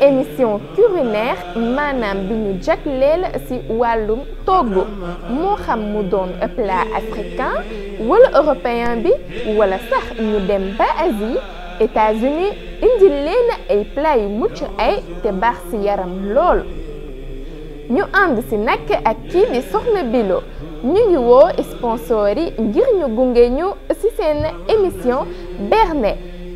émission culinaire maanaam bi ñu jagleel ci wàllum togg moo xam mu doon plat africain wala européen bi wala sax ñu dem ba Asie États-Unis indi leen ay plat yu mucc ay te baax ci yaram lool ñu ànd ci nag ak kii di Soxna Bilo ñu ngi woo sponsor yi ngir ñu gunge ñu ci seen émission berne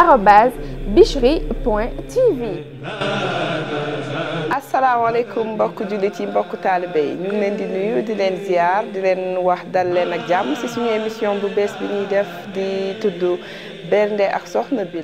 arobase bichri point tv. asalaamaaleykum mbokk jullit yi mbokku taalibe yi ñu ngi leen di nuyu di leen ziar di leen wax dal leen ak jàmm ci suñu émission bu bees bi ñuy def di tudd bernde ak soxna bi